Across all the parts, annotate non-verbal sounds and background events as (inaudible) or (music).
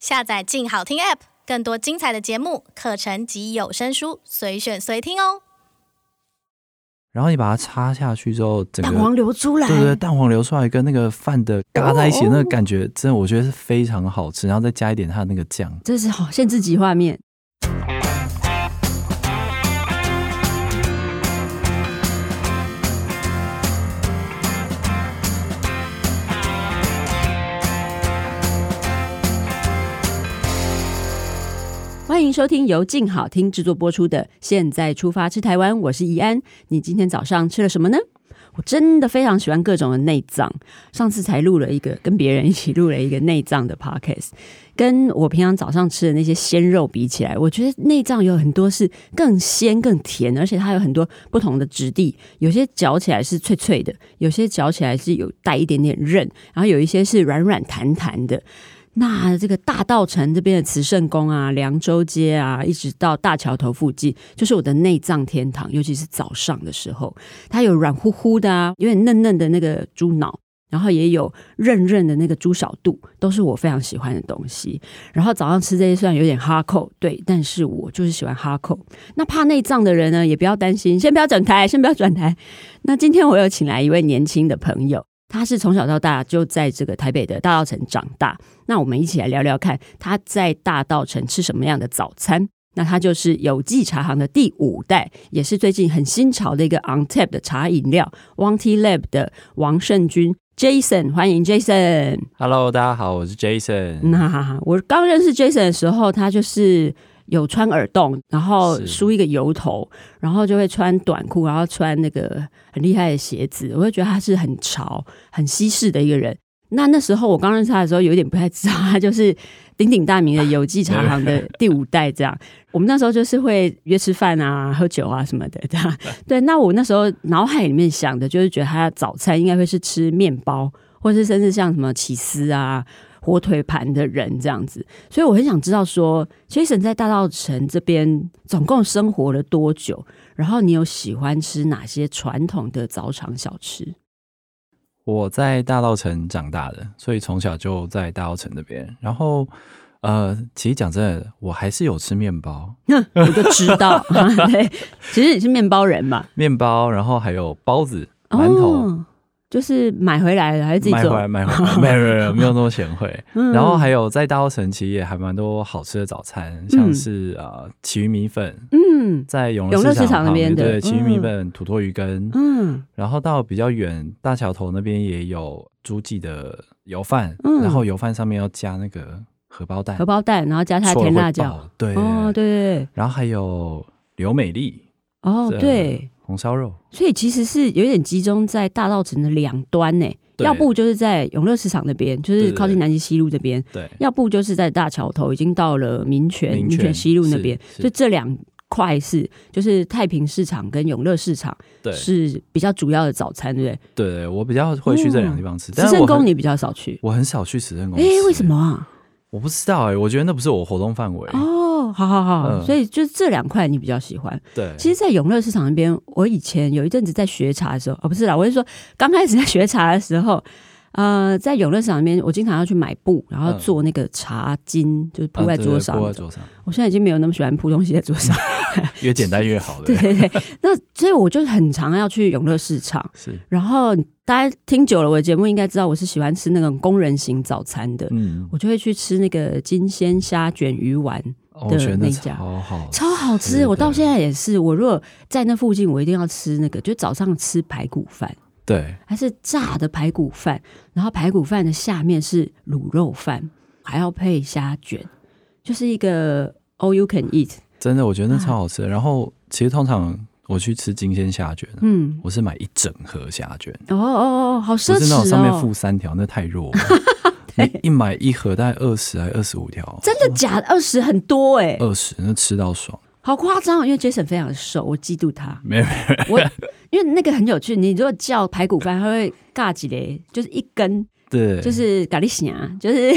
下載“鏡好聽 ”App，更多精彩的節目、課程及有聲書，隨選隨聽哦。然後你把它插下去之後，整個蛋黃流出來，對對，蛋黃流出來，跟那個飯的嘎在一起，那個感覺、哦、真的，我覺得是非常好吃。然後再加一點它的那個醬，真是好！限、哦、制級畫面。歡迎收聽由靜好聽製作播出的《現在出發吃台灣》，我是怡安。你今天早上吃了什麼呢？我真的非常喜歡各種的內臟，上次才錄了一個，跟別人一起錄了一個內臟的 podcast。跟我平常早上吃的那些鮮肉比起來，我覺得內臟有很多是更鮮、更甜，而且它有很多不同的質地，有些嚼起來是脆脆的，有些嚼起來是有帶一點點韌，然後有一些是軟軟彈彈的。那這個大稻埕這邊的慈聖宮啊、涼州街啊，一直到大橋頭附近，就是我的內臟天堂。尤其是早上的時候，它有軟乎乎的啊，有點嫩嫩的那個豬腦，然後也有韌韌的那個豬小肚，都是我非常喜歡的東西。然後早上吃這些雖然有點哈扣，對，但是我就是喜歡哈扣。那怕內臟的人呢，也不要擔心，先不要轉台，先不要轉台。那今天我又請來一位年輕的朋友。他是從小到大就在這個台北的大稻埕長大。那我們一起來聊聊看他在大稻埕吃什麼樣的早餐。那他就是有記茶行的第五代，也是最近很新潮的一個 on tap 的茶飲料。Wangtea Lab 的王聖鈞 Jason，歡迎 Jason。Hello，大家好，我是 Jason。那 (music) 我剛認識 Jason 的時候，他就是。有穿耳洞，然後梳一個油頭，是然後就會穿短褲，然後穿那個很厲害的鞋子。我會覺得他是很潮、很西式的一個人。那那時候我剛認識他的時候，有點不太知道他就是鼎鼎大名的有記茶行的第五代。這樣， (laughs) 我們那時候就是會約吃飯啊、喝酒啊什麼的這樣。對，那我那時候腦海裡面想的就是，覺得他早餐應該會是吃麵包，或是甚至像什麼起司啊。火腿盤的人這樣子，所以我很想知道說，Jason 在大稻埕這邊總共生活了多久？然後你有喜歡吃哪些傳統的早場小吃？我在大稻埕長大的，所以從小就在大稻埕那邊。然後，呃，其實講真的，我還是有吃麵包。 (laughs) 我就知道， (laughs) 對，其實你是麵包人嘛？麵包，然後還有包子、饅頭。哦就是買回來的還是自己做？買回來，買回來，沒有沒有那麼賢惠。然後還有在大稻埕，其實也還蠻多好吃的早餐，像是啊，旗魚米粉。嗯，在永樂市場那邊的旗魚米粉、土魠魚羹。嗯，然後到比較遠大橋頭那邊也有朱記的油飯。嗯，然後油飯上面要加那個荷包蛋。荷包蛋，然後加些甜辣醬。對，哦，對對對。然後還有劉美麗。哦，對。紅燒肉，所以其實是有點集中在大稻埕的兩端呢、欸，對要不就是在永樂市場那邊，就是靠近南京西路這邊，對；要不就是在大橋頭，已經到了民權民權西路那邊，就這兩塊是，就是太平市場跟永樂市場，對是比較主要的早餐對對，對，對對？我比較會去這兩個地方吃，慈聖宮你比較少去，我很少去慈聖宮，哎、欸，為什麼啊？我不知道哎、欸，我覺得那不是我活動範圍。哦，好好好，呃、所以就是這兩塊你比較喜歡。對，其實，在永樂市場那邊，我以前有一陣子在學茶的時候，哦，不是啦，我是說剛開始在學茶的時候。呃，在永樂市場裡面，我經常要去買布，然後做那個茶巾，嗯、就是鋪在桌上。鋪在桌上。我現在已經沒有那麼喜歡鋪東西在桌上。嗯、 (laughs) 越簡單越好了。對，對對對。那所以我就很常要去永樂市場。是。然後大家聽久了我的節目，應該知道我是喜歡吃那種工人型早餐的。嗯。我就會去吃那個金鮮蝦卷魚丸的那家，哦、好，超好吃。對對我到現在也是，我如果在那附近，我一定要吃那個，就早上吃排骨飯。對，還是炸的排骨飯，嗯、然後排骨飯的下面是滷肉飯，還要配蝦捲，就是一個 all you can eat。真的，我覺得那超好吃。啊、然後，其實通常我去吃金鮮蝦捲、啊，嗯，我是買一整盒蝦捲。哦哦哦，好奢侈我、哦、上面附三條，那太弱了。 (laughs) 對一買一盒大概二十還是二十五條？真的假的？二十很多哎、欸，二十，那吃到爽。好誇張，因為 Jason 非常瘦，我嫉妒他。沒有沒有我，我因為那個很有趣，你如果叫排骨飯，他會尬幾嘞，就是一根，對，就是咖喱啊，就是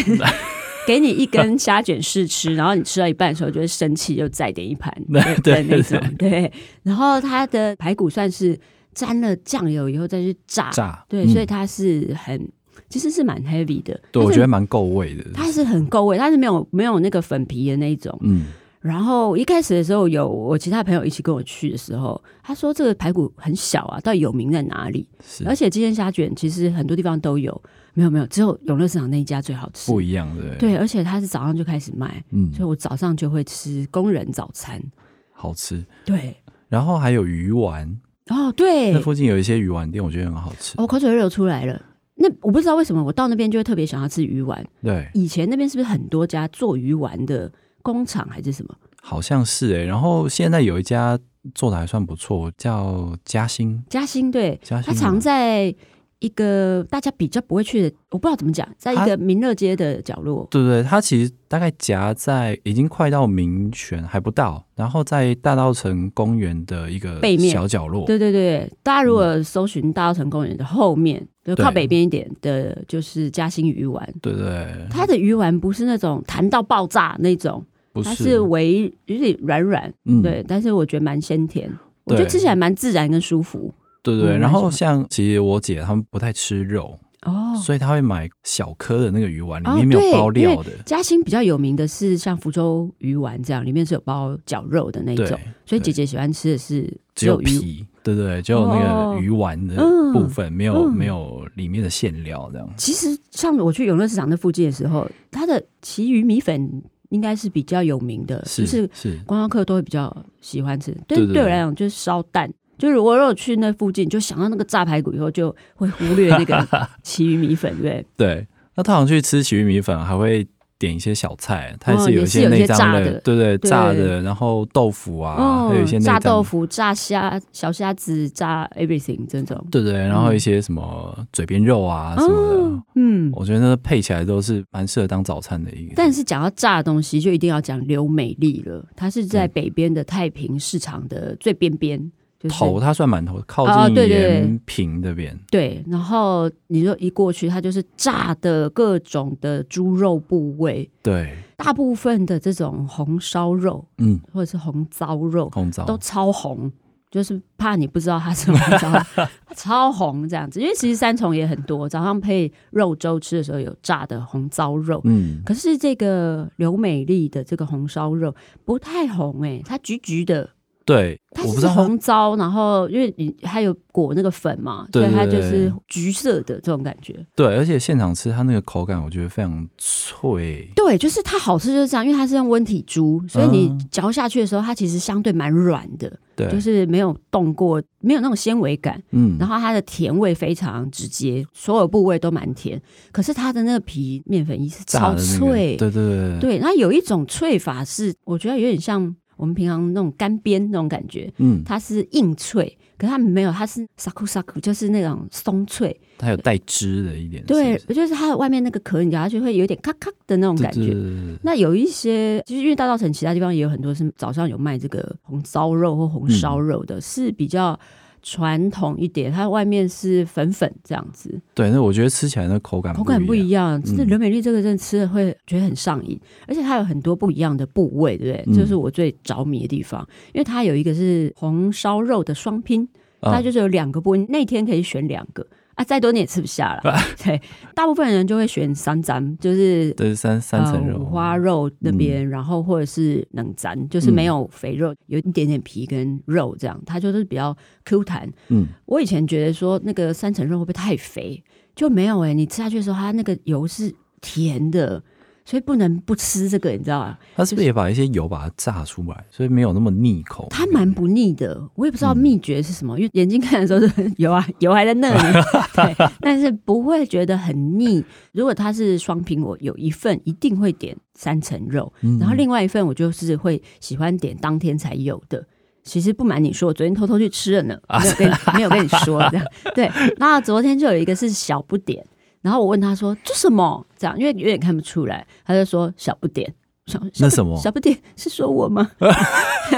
給你一根蝦卷試吃， (laughs) 然後你吃到一半的時候，就會生氣，又再點一盤，對那種， (laughs) 對，對，對，對。然後他的排骨算是沾了醬油以後再去炸，炸對，嗯、所以它是很其實是蠻 heavy 的，對且我覺得蠻夠味的。它是很夠味，它是沒有沒有那個粉皮的那一種，嗯。然後一開始的時候，有我其他朋友一起跟我去的時候，他說這個排骨很小啊，到底有名在哪裡？是，而且今天蝦卷其實很多地方都有，沒有沒有，只有永樂市場那一家最好吃。不一樣對，對，對，而且它是早上就開始賣，嗯，所以我早上就會吃工人早餐，好吃。對，然後還有魚丸，哦對，那附近有一些魚丸店，我覺得很好吃。哦，口水又流出來了。那我不知道為什麼我到那邊就會特別想要吃魚丸。對，以前那邊是不是很多家做魚丸的？工廠還是什麼？好像是哎、欸。然後現在有一家做的還算不錯，叫嘉興。嘉興對，嘉興。它藏在一個大家比較不會去的，我不知道怎麼講，在一個民樂街的角落。對，對對，它其實大概夾在已經快到民權還不到，然後在大稻埕公園的一個背面小角落。對對對，大家如果搜尋大稻埕公園的後面，如、嗯、靠北邊一點的，就是嘉興魚丸。對，對對，它的魚丸不是那種彈到爆炸那種。它是微有點軟軟，對，但是我覺得蠻鮮甜，我覺得吃起來蠻自然跟舒服。對對，然後像其實我姐她們不太吃肉哦，所以她會買小顆的那個魚丸，裡面沒有包料的。嘉興比較有名的是像福州魚丸這樣，裡面是有包絞肉的那種，所以姐姐喜歡吃的是只有皮，對對，只有那個魚丸的部分，沒有沒有裡面的餡料這樣。其實像我去永樂市場那附近的時候，它的旗魚米粉。應該是比較有名的，就是觀光客都會比較喜歡吃。但對我來講，就是燒蛋。就如果我去那附近，就想到那個炸排骨以後，就會忽略那個旗魚米粉， (laughs) 對不對？那通常去吃旗魚米粉還會。點一些小菜，它還是有一些內臟的，對，對對，炸的對，然後豆腐啊，哦、還有一些炸豆腐、炸蝦、小蝦子、炸 everything 這種，對，對對，然後一些什麼嘴邊肉啊、嗯、什麼的，哦、嗯，我覺得配起來都是蠻適合當早餐的。一個，但是講到炸的東西，就一定要講劉美麗了，它是在北邊的太平市場的最邊邊。嗯就是、頭，它算蠻頭，靠近延平這邊、啊。對，然後你就一過去，它就是炸的各種的豬肉部位。對，大部分的這種紅燒肉，嗯，或者是紅糟肉，紅糟燒都超紅，就是怕你不知道它是什麼紅糟， (laughs) 它超紅這樣子。因為其實三重也很多，早上配肉粥吃的時候有炸的紅糟肉，嗯，可是這個劉美麗的這個紅燒肉不太紅、欸，誒，它橘橘的。對，它是紅糟，然後因為你還有裹那個粉嘛，對對對，所以它就是橘色的這種感覺。對，而且現場吃它那個口感，我覺得非常脆。對，就是它好吃就是這樣，因為它是用溫體豬，所以你嚼下去的時候，它其實相對蠻軟的。嗯、就是沒有凍過，沒有那種纖維感。嗯對，然後它的甜味非常直接，所有部位都蠻甜。可是它的那個皮麵粉一是超脆，那個，對對對，對。那有一種脆法是，我覺得有點像。我們平常那種乾煸那種感覺，嗯，它是硬脆，可是它沒有，它是沙酷沙酷，aku, 就是那種鬆脆，它有帶汁的一點，對，是不是就是它的外面那個殼，你咬下去會有點咔咔的那種感覺。那有一些，其、就、實、是、因為大稻埕其他地方也有很多是早上有賣這個紅燒肉或紅燒肉的，嗯、是比較。傳統一點，它外面是粉粉這樣子。對，那我覺得吃起來的口感不一樣，口感不一樣。那劉、嗯、美麗這個真的吃了會覺得很上癮，而且它有很多不一樣的部位，對不對？這、嗯、是我最着迷的地方，因為它有一個是紅燒肉的雙拼，它就是有兩個部位，啊、那天可以選兩個。啊，再多你也吃不下了。 (laughs) 對，大部分人就會選三層，就是對三三層、呃、五花肉那邊，嗯、然後或者是冷斬，就是沒有肥肉，嗯、有一點點皮跟肉這樣，它就是比較 Q 彈。嗯，我以前覺得說那個三層肉會不會太肥？就沒有誒、欸，你吃下去的時候，它那個油是甜的。所以不能不吃這個，你知道啊。它是不是也把一些油把它炸出來，所以沒有那麼膩口？它蠻不膩的，我也不知道秘訣是什麼，嗯、因為眼睛看的時候是油啊，油還在那裡 (laughs) 對，但是不會覺得很膩。如果它是雙蘋果，有一份一定會點三層肉，嗯、然後另外一份我就是會喜歡點當天才有的。其實不瞞你說，我昨天偷偷去吃了呢，沒有跟你，沒有跟你說這樣。 (laughs) 對，那昨天就有一個是小不點。然後我問他說：“這什麼？”這樣，因為有點看不出來。他就說：“小不點。小”小，小那什麼？小不點是說我嗎？ (laughs)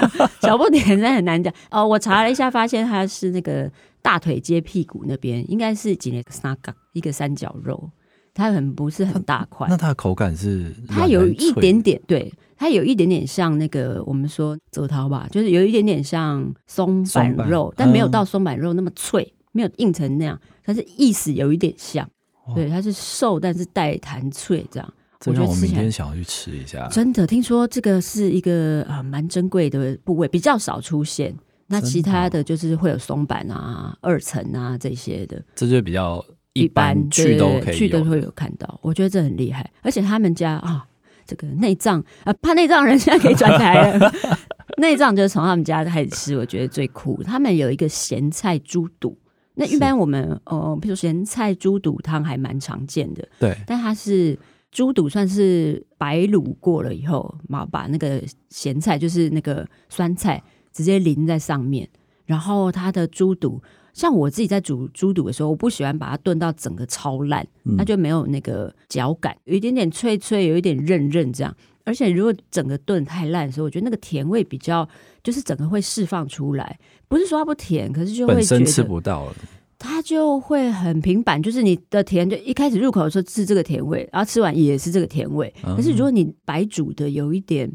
(laughs) 小不點那很難講哦。我查了一下，發現他是那個大腿接屁股那邊，應該是緊一個三角一個三角肉，它很不是很大塊。那它的口感是軟軟？它有一點點，對，它有一點點像那個我們說周濤吧，就是有一點點像松板肉，柏但沒有到松板肉那麼脆，嗯、沒有硬成那樣，但是意思有一點像。對，它是瘦，但是帶彈脆，這樣。這樣所以我明天想要去吃一下。真的，聽說這個是一個啊、呃、蠻珍貴的部位，比較少出現。那其他的就是會有松阪啊、二層啊這些的。這就比較一般，去都可以對對，去都會有看到。我覺得這很厲害，而且他們家啊、哦，這個內臟啊、呃，怕內臟人現在可以轉台了。 (laughs) (laughs) 內臟就是從他們家開始吃，我覺得最酷。他們有一個鹹菜豬肚。那一般我們是呃，比如鹹菜豬肚湯還蠻常見的，對，但它是豬肚算是白滷過了以後，嘛把那個鹹菜就是那個酸菜直接淋在上面，然後它的豬肚，像我自己在煮豬肚的時候，我不喜歡把它燉到整個超爛，嗯、它就沒有那個嚼感，有一點點脆脆，有一點韌韌這樣。而且如果整個燉太爛的時候，我覺得那個甜味比較就是整個會釋放出來，不是說它不甜，可是就會覺得吃不到了，它就會很平板，就是你的甜就一開始入口的時候是這個甜味，然後吃完也是這個甜味。嗯。可是如果你白煮的有一點。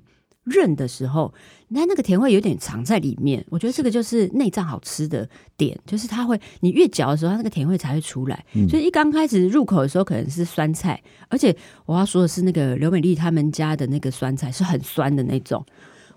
韌的時候，你看那個甜味，有點藏在裡面，我覺得這個就是內臟好吃的點，是就是它會，你越嚼的時候，它那個甜味才會出來。嗯、所以一剛開始入口的時候，可能是酸菜，而且我要說的是，那個劉美麗他們家的那個酸菜是很酸的那種，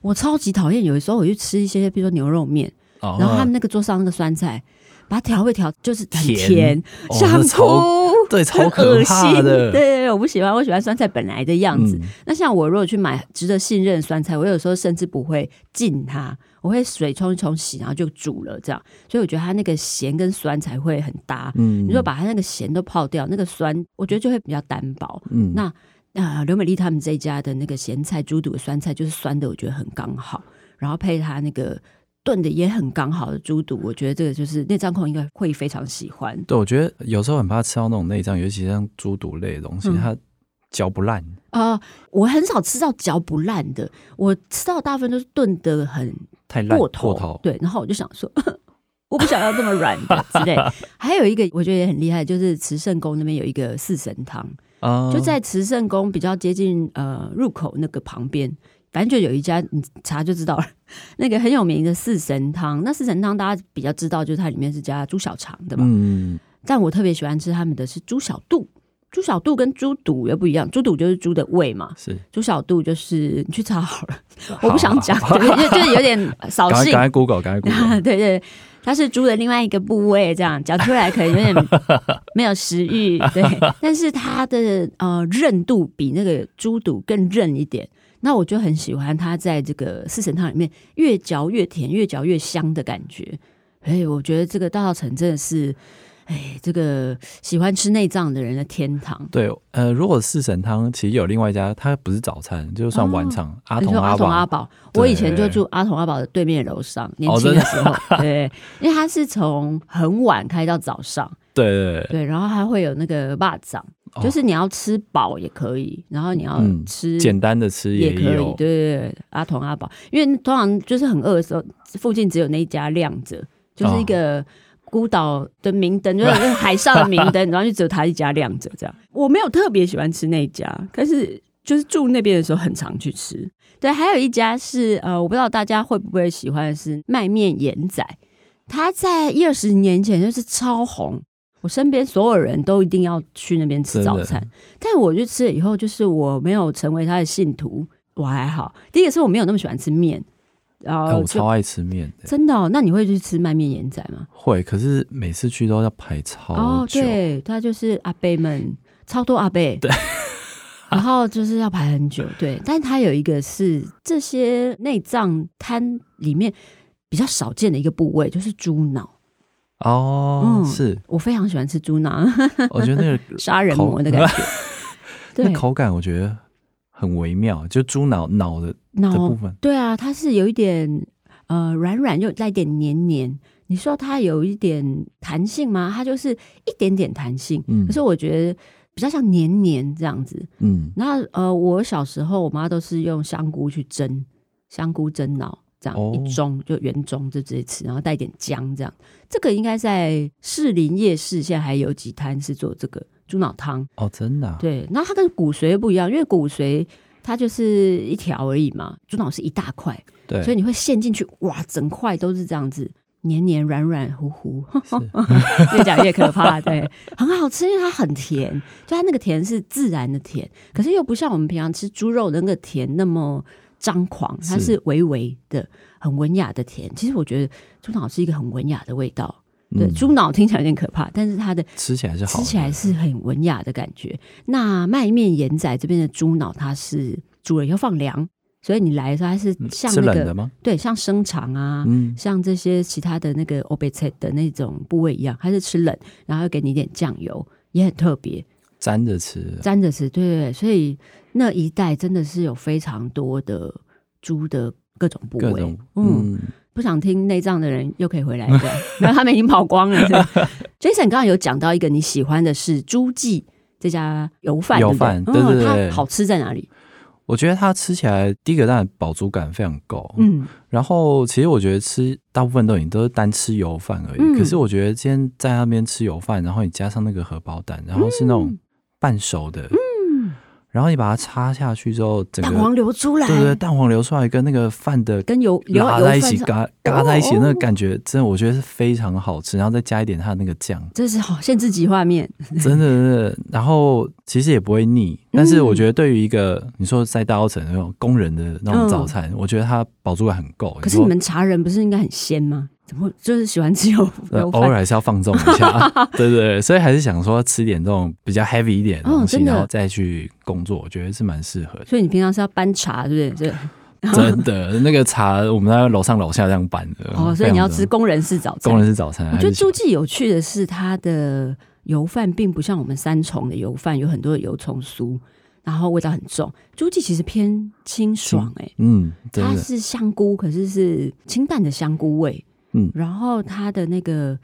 我超級討厭。有的時候我去吃一些，比如說牛肉麵，啊、然後他們那個桌上那個酸菜，把它調味調就是很甜，甜哦、香臭口，對，超可怕的，對。我不喜歡，我喜歡酸菜本來的樣子。嗯、那像我如果去買值得信任的酸菜，我有時候甚至不會浸它，我會水沖一沖洗，然後就煮了這樣。所以我覺得它那個鹹跟酸才會很搭。你說、嗯、把它那個鹹都泡掉，那個酸我覺得就會比較單薄。嗯，那，那、呃、啊，劉美麗他們這一家的那個鹹菜豬肚的酸菜就是酸的，我覺得很剛好，然後配它那個。燉的也很剛好的豬肚，我覺得這個就是內臟控應該會非常喜歡。對，我覺得有時候很怕吃到那種內臟，尤其像豬肚類的東西，嗯、它嚼不爛。啊、呃，我很少吃到嚼不爛的，我吃到大部分都是燉的很太爛破頭。太過頭對，然後我就想說，我不想要這麼軟的之類。 (laughs) 還有一個我覺得也很厲害，就是慈聖宮那邊有一個四神湯，呃、就在慈聖宮比較接近呃入口那個旁邊。反正就有一家，你查就知道了。那個很有名的四神湯，那四神湯大家比較知道，就是它裡面是加豬小腸，的嘛。嗯。但我特別喜歡吃他們的是豬小肚，豬小肚跟豬肚又不一樣，豬肚就是豬的胃嘛。是。豬小肚就是你去查好了，好啊、我不想講、啊，就就是、有點掃興。 (laughs) 趕快 Google，趕快 Google，啊、對，對對，它是豬的另外一個部位，這樣講出來可能有點沒有食欲。對， (laughs) 但是它的呃韌度比那個豬肚更韌一點。那我就很喜歡他在這個四神湯裡面越嚼越甜，越嚼越香的感覺。哎，我覺得這個大稻埕真的是，哎，這個喜歡吃內臟的人的天堂。對，呃，如果四神湯其實有另外一家，它不是早餐，就算晚餐。哦、阿桐阿，寶，阿桐阿寶，對對對，我以前就住阿桐阿寶的對面樓上，對對對，年輕的時候，哦、對、對、對，因為它是從很晚開到早上。對對對，對，然後還會有那個霸掌，就是你要吃飽也可以，哦、然後你要吃、嗯、簡單的吃也可以，可以有對對，對阿桐阿寶，因為通常就是很餓的時候，附近只有那一家亮着，就是一個孤島的明燈，就是海上的明燈， (laughs) 然後就只有他一家亮着這樣。我沒有特別喜歡吃那一家，但是就是住那邊的時候很常去吃。對，還有一家是呃，我不知道大家會不會喜歡的是，是賣麵炎仔，它在一二十年前就是超紅。我身邊所有人都一定要去那邊吃早餐，的但我就吃了以後，就是我沒有成為他的信徒，我還好。第一個是我沒有那麼喜歡吃麵，然、呃、後我超愛吃麵，就對真的、哦。那你會去吃賣麵炎仔嗎？會，可是每次去都要排超久、oh, 對，他就是阿伯們超多阿伯，對，然後就是要排很久，對。 (laughs) 但他有一個是這些內臟攤裡面比較少見的一個部位，就是豬腦。哦，oh, 嗯，是，我非常喜歡吃豬腦，我覺得那個殺 (laughs) 人魔的感覺，口 (laughs) 那口感我覺得很微妙，就豬腦腦的腦的部分，對啊，它是有一點呃軟軟又帶點黏黏，你說它有一點彈性嗎？它就是一點點彈性，嗯，可是我覺得比較像黏黏這樣子，嗯，那呃，我小時候我媽都是用香菇去蒸，香菇蒸腦。這樣、oh. 一盅就原盅就直接吃，然後帶點薑這樣。這個應該在士林夜市現在還有幾攤是做這個豬腦湯哦，oh, 真的、啊、對。然後它跟骨髓又不一樣，因為骨髓它就是一條而已嘛，豬腦是一大塊，對，所以你會陷進去，哇，整塊都是這樣子，黏黏軟軟糊糊， (laughs) 是 (laughs) 越講越可怕，對， (laughs) 很好吃，因為它很甜，就它那個甜是自然的甜，可是又不像我們平常吃豬肉的那個甜那麼。張狂，它是微微的，是很文雅的甜。其實我覺得豬腦是一個很文雅的味道。對，嗯、豬腦聽起來有點可怕，但是它的吃起來是好吃起來是很文雅的感覺。那賣麵炎仔這邊的豬腦，它是煮了要放涼，所以你來的時候它是像、那個嗯、吃冷的嗎？對，像生腸啊，嗯、像這些其他的那個歐 i 菜的那種部位一樣，它是吃冷，然後給你一點醬油，也很特別。沾着吃，沾着吃，對,對,對所以那一帶真的是有非常多的豬的各種部位，各種嗯,嗯，不想聽內臟的人又可以回來對，然後 (laughs) 他們已經跑光了。 (laughs) Jason 剛剛有講到一個你喜歡的是朱記這家油飯，油飯，對對,對,對,對對，它好吃在哪裡？我覺得它吃起來第一個蛋飽足感非常夠，嗯，然後其實我覺得吃大部分都已經都是單吃油飯而已，嗯、可是我覺得今天在那邊吃油飯，然後你加上那個荷包蛋，然後是那種、嗯。半熟的，嗯，然後你把它插下去之後，整個蛋黃流出來，對對，蛋黃流出來，跟那個飯的跟油油在一起，嘎嘎在一起，那個感覺、哦、真的，我覺得是非常好吃。然後再加一點它的那個醬，這是好限制級畫面，真的真的， (laughs) 然後其實也不會膩，但是我覺得對於一個你說在大稻埕那種工人的那種早餐，嗯、我覺得它飽足感很夠。可是你們茶人不是應該很鮮嗎？怎麼就是喜歡吃油？偶爾還是要放縱一下， (laughs) 對對，所以還是想說吃點這種比較 heavy 一點的東西，哦、然後再去工作，我覺得是蠻適合。所以你平常是要搬茶，對不對？對。真的， (laughs) 那個茶我們在樓上樓下這樣搬的。哦，所以你要吃工人式早餐。工人式早餐。我覺得朱記有趣的是，它的油飯並不像我們三重的油飯有很多的油蔥酥，然後味道很重。朱 (laughs) 記其實偏清爽、欸，哎，嗯，它是香菇，可是是清淡的香菇味。嗯，然後它的那個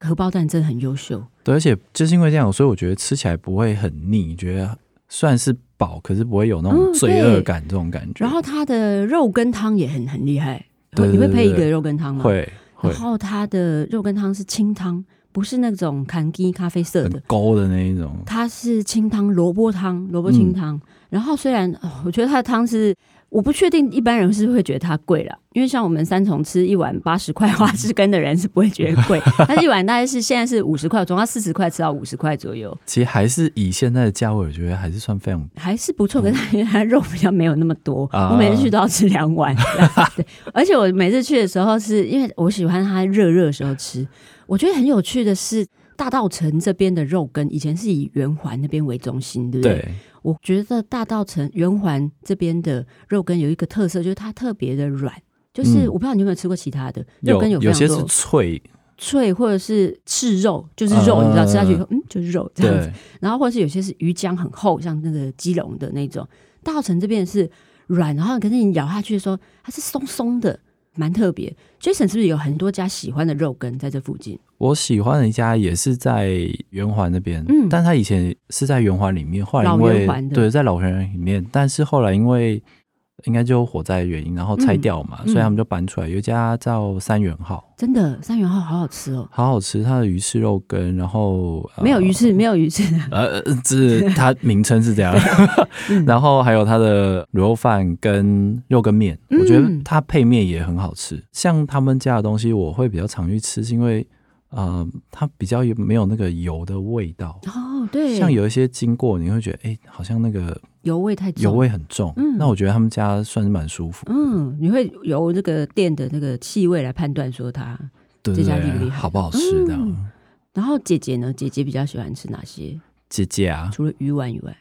荷包蛋真的很優秀，對，而且就是因為這樣，所以我覺得吃起來不會很膩，覺得算是飽，可是不會有那種罪惡感、嗯、這種感覺。然後它的肉羹湯也很很厲害，對對對對、哦，你會配一個肉羹湯嗎？會。然後它的肉羹湯是清湯，不是那種咖啡，咖啡色的、高、呃、的那一種，它是清湯蘿蔔湯、蘿蔔清湯。嗯、然後雖然、哦、我覺得它的湯是。我不確定一般人是會覺得它貴了，因為像我們三重吃一碗八十塊花枝羹的人是不會覺得貴，嗯、但是一碗大概是現在是五十塊，從它四十塊吃到五十塊左右。其實還是以現在的價位，我覺得還是算非常還是不錯，可是因為它肉比較沒有那麼多。嗯、我每次去都要吃兩碗，啊對，而且我每次去的時候是因為我喜歡它熱熱的時候吃。我覺得很有趣的是。大稻埕這邊的肉羹，以前是以圓環那邊為中心，對不對？對，我覺得大稻埕圓環這邊的肉羹有一個特色，就是它特別的軟。就是、嗯、我不知道你有沒有吃過其他的肉羹有非常多肉，有有些是脆脆，或者是赤肉就是肉，嗯、你知道吃下去以後，嗯，就是肉這樣子。對然後或者是有些是魚漿很厚，像那個基隆的那種。大稻埕這邊是軟，然後可是你咬下去的時候，它是松松的。蠻特別，Jason 是不是有很多家喜歡的肉羹在這附近？我喜歡的一家也是在圓環那邊，嗯，但他以前是在圓環裡面，後來因為，老圓環的，對，在老圓環裡面，但是後來因為。應該就火災的原因，然後拆掉嘛，嗯嗯、所以他們就搬出來。有一家叫三元號，真的三元號好好吃哦，喔，好好吃。它的魚翅肉羹，然後沒有魚翅，呃、沒有魚翅的。呃，是它名稱是這樣。 (laughs) 嗯、 (laughs) 然後還有它的滷肉飯跟肉羹麵，我覺得它配面也很好吃。嗯、像他們家的東西，我會比較常去吃，是因為。呃，它比較有沒有那個油的味道哦，oh, 對，像有一些經過，你會覺得哎、欸，好像那個油味太重。油味很重，嗯，那我覺得他們家算是蠻舒服，嗯，你會由這個店的那個氣味來判斷說它對對對這家店好不好吃的、嗯、這樣。然後姐姐呢？姐姐比較喜歡吃哪些？姐姐啊，除了魚丸以外。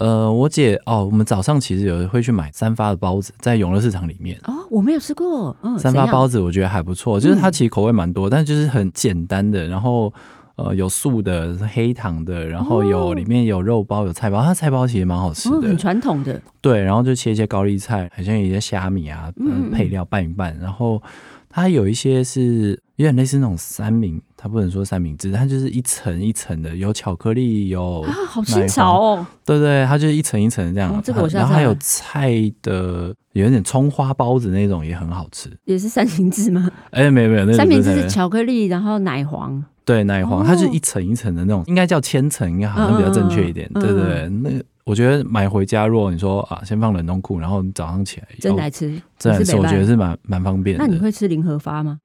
呃，我姐哦，我們早上其實有會去買三發的包子，在永樂市場裡面哦，我沒有吃過嗯。哦、三發包子，我覺得還不錯，嗯、就是它其實口味蠻多，但就是很簡單的，然後呃有素的、黑糖的，然後有、哦、裡面有肉包、有菜包，它菜包其實蠻好吃的，哦、很傳統的。對，然後就切一些高麗菜，好像有一些蝦米啊，嗯，配料拌一拌，嗯、然後它有一些是有點類似那種三明。它不能說三明治，它就是一層一層的，有巧克力，有啊，好新潮哦。對對，它就是一層一層的這樣。然後還有菜的，有點蔥花包子那種也很好吃。也是三明治嗎？哎，沒有沒有，那三明治是巧克力，然後奶黃。對，奶黃，它是一層一層的那種，應該叫千層，應該好像比較正確一點。對對，那我覺得買回家，如果你說啊，先放冷凍庫，然後早上起來真來吃，真來吃，我覺得是蠻蠻方便。那你會吃林合發嗎？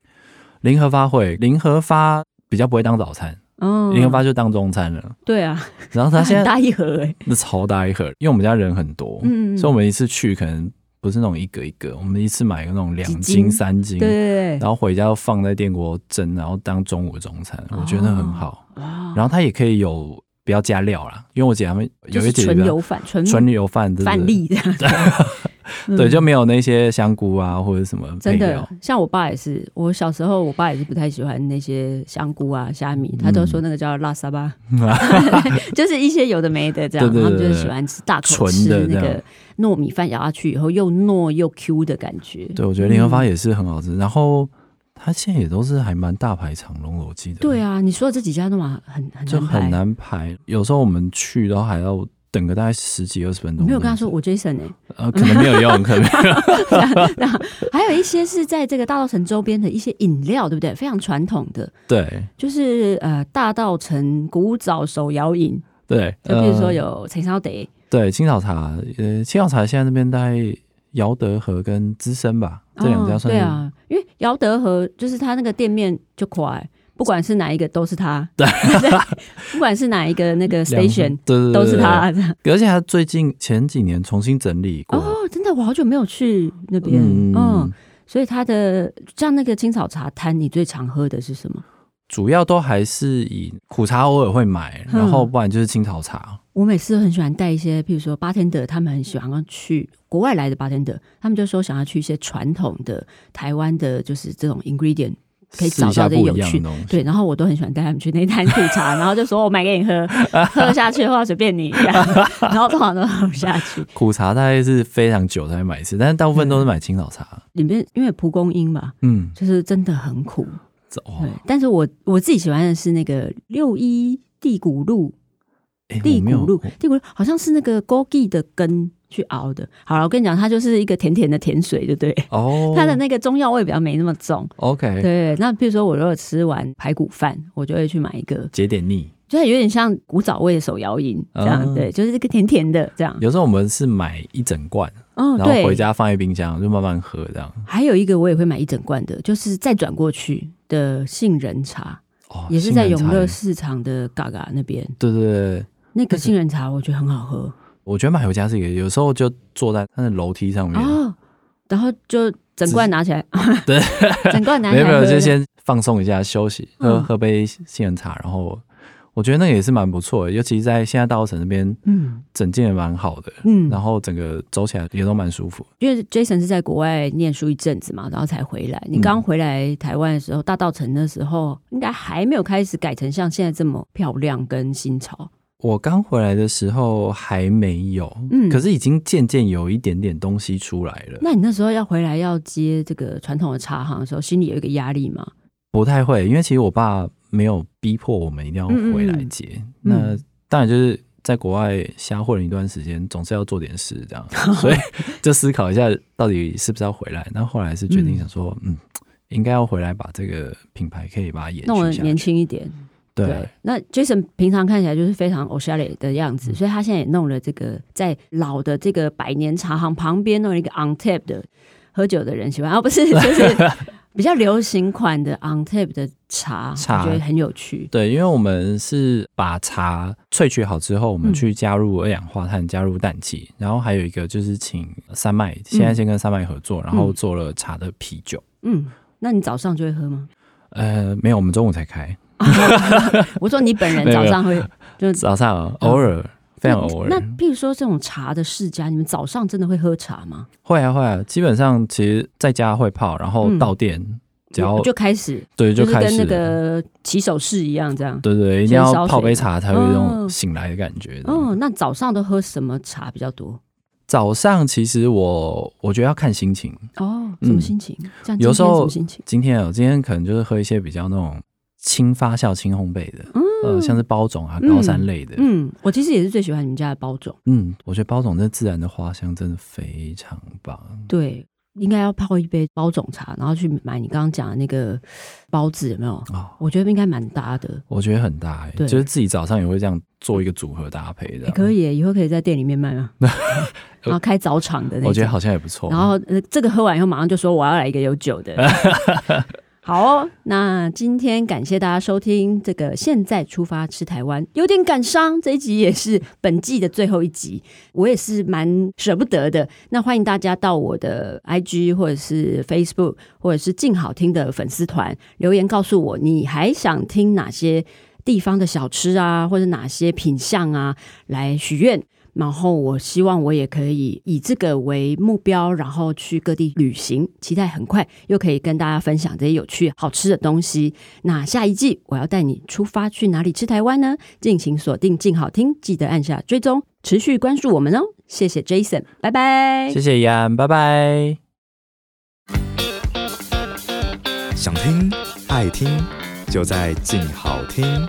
林合發會，林合發比較不會當早餐，嗯，林合發就當中餐了。對啊，然後他很大一盒哎，那超大一盒，因為我們家人很多，嗯，所以我們一次去可能不是那種一個一個，我們一次買個那種兩斤、三斤，對斤，然後回家都放在電鍋蒸，然後當中午中餐，對我覺得很好。哦、然後它也可以有不要加料啦，因為我姐他們有一姐，姐純油飯，純純油飯的飯粒這樣的。 (laughs) 嗯、對，就沒有那些香菇啊，或者什麼。真的，像我爸也是，我小時候我爸也是不太喜歡那些香菇啊、蝦米，他都說那個叫“垃圾吧”，嗯、 (laughs) (laughs) 就是一些有的沒的這樣。他們就是喜歡吃大口吃那個糯米飯，咬下去以後又糯又 Q 的感覺。對，我覺得林合發也是很好吃。嗯、然後他現在也都是還蠻大排長龍的，我記得。對啊，你說的這幾家都嘛很很難，就很難排，有時候我們去，然後還要。整個大概十幾二十分鐘。我沒有跟他說我 Jason 呃、欸嗯，可能沒有用， (laughs) 可能。 (laughs) (laughs) 還有一些是在這個大稻埕周邊的一些飲料，對不對？非常傳統的，對，就是呃大稻埕古早手搖飲對、呃，對，就譬如說有青草得，對，青草茶，呃，青草茶現在那邊大概姚德和跟資深吧這兩家算、哦。對啊，因為姚德和就是他那個店面就快。不管是哪一個都是他。 (laughs) 對， (laughs) 不管是哪一個那個 station，對，對，對，對，對都是他。而且他最近前幾年重新整理過，哦、真的，我好久沒有去那邊，嗯、哦。所以他的像那個青草茶攤，你最常喝的是什麼？主要都還是以苦茶，偶爾會買，然後不然就是青草茶。嗯、我每次都很喜歡帶一些，譬如說 bartender，他們很喜歡去國外來的 bartender，他們就說想要去一些傳統的台灣的，就是這種 ingredient。可以找到的些有趣，的對，然後我都很喜歡帶他們去那一攤苦茶， (laughs) 然後就說：“我買給你喝，喝下去的話隨便你。” (laughs) 然後通常都喝不下去。苦茶大概是非常久才買一次，但是大部分都是買青草茶，嗯，裡面因為蒲公英嘛，嗯，就是真的很苦。走、啊。但是我我自己喜歡的是那個六一地骨露。欸、地骨露。地骨露好像是那個枸杞的根。去熬的，好了，我跟你講，它就是一個甜甜的甜水，對不對？哦，它的那個中藥味比較沒那麼重。OK，對。那比如說，我如果吃完排骨飯，我就會去買一個解點膩，就是有點像古早味的手搖飲這樣。對，就是這個甜甜的這樣。有時候我們是買一整罐，哦，對，回家放在冰箱就慢慢喝這樣。還有一個我也會買一整罐的，就是再轉過去的杏仁茶，也是在永樂市場的嘎嘎那邊。對對對，那個杏仁茶我覺得很好喝。我覺得買回家是一個，有時候就坐在他的樓梯上面，哦、然後就整罐拿起來，對， (laughs) 整罐拿起來，沒有沒有，就先放鬆一下，休息，喝、嗯、喝杯杏仁茶，然後我覺得那個也是蠻不錯的，尤其是在現在大稻埕那邊，嗯，整建也蠻好的，嗯，然後整個走起來也都蠻舒服。因為 Jason 是在國外念書一陣子嘛，然後才回來。嗯、你剛，剛回來台灣的時候，大稻埕的時候應該還沒有開始改成像現在這麼漂亮跟新潮。我剛回來的時候還沒有，嗯，可是已經漸漸有一點點東西出來了。那你那時候要回來要接這個傳統的茶行的時候，心裡有一個壓力嗎？不太會，因為其實我爸沒有逼迫我們一定要回來接。嗯嗯，那當然就是在國外瞎混了一段時間，總是要做點事這樣，嗯，所以就思考一下到底是不是要回來。那後，後來是決定想說，嗯、嗯，應該要回來把這個品牌可以把它延續下來，年輕一點。對，對，那 Jason 平常看起來就是非常 Oshale 的樣子，嗯、所以他現在也弄了這個在老的這個百年茶行旁邊弄了一個 on tap 的喝酒的人喜歡而、啊、不是，就是比較流行款的 on tap 的茶，茶我覺得很有趣。對，因為我們是把茶萃取好之後，我們去加入二氧化碳，嗯、加入氮氣，然後還有一個就是請三麥，現在先跟三麥合作，嗯、然後做了茶的啤酒。嗯，那你早上就會喝嗎？呃，沒有，我們中午才開。我說你本人早上會，就早上偶爾，非常偶爾。那譬如說這種茶的世家，你們早上真的會喝茶嗎？會啊會啊，基本上其實在家會泡，然後到店，然後就開始，對，就跟那個起手式一樣，這樣對對，一定要泡杯茶，才會有那種醒來的感覺。哦，那早上都喝什麼茶比較多？早上其實我我覺得要看心情哦，什麼心情？有時候今天我今天可能就是喝一些比較那種。輕發酵、輕烘焙的，嗯、呃、像是包種啊、嗯、高山類的，嗯，我其實也是最喜歡你們家的包種，嗯，我覺得包種這自然的花香真的非常棒。對，應該要泡一杯包種茶，然後去買你剛剛講的那個包子，有沒有？啊、哦，我覺得應該蠻搭的。我覺得很搭、欸，對，就是自己早上也會這樣做一個組合搭配的。也、欸、可以，以後可以在店裡面賣嗎？ (laughs) 然後開早場的那我，我覺得好像也不錯。然後、呃、這個喝完以後，馬上就說我要來一個有酒的。 (laughs) 好哦，那今天感謝大家收聽這個《現在出發吃台灣》，有點感傷，這一集也是本季的最後一集，我也是蠻捨不得的。那歡迎大家到我的 IG 或者是 Facebook 或者是靜好聽的粉絲團留言，告訴我你還想聽哪些地方的小吃啊，或者哪些品項啊，來許願。然後我希望我也可以以這個為目標，然後去各地旅行，期待很快又可以跟大家分享這些有趣好吃的東西。那下一季我要帶你出發去哪裡吃台灣呢？敬請鎖定鏡好聽，記得按下追蹤，持續關注我們哦。謝謝 Jason，拜拜。謝謝怡安，拜拜。想聽愛聽就在鏡好聽。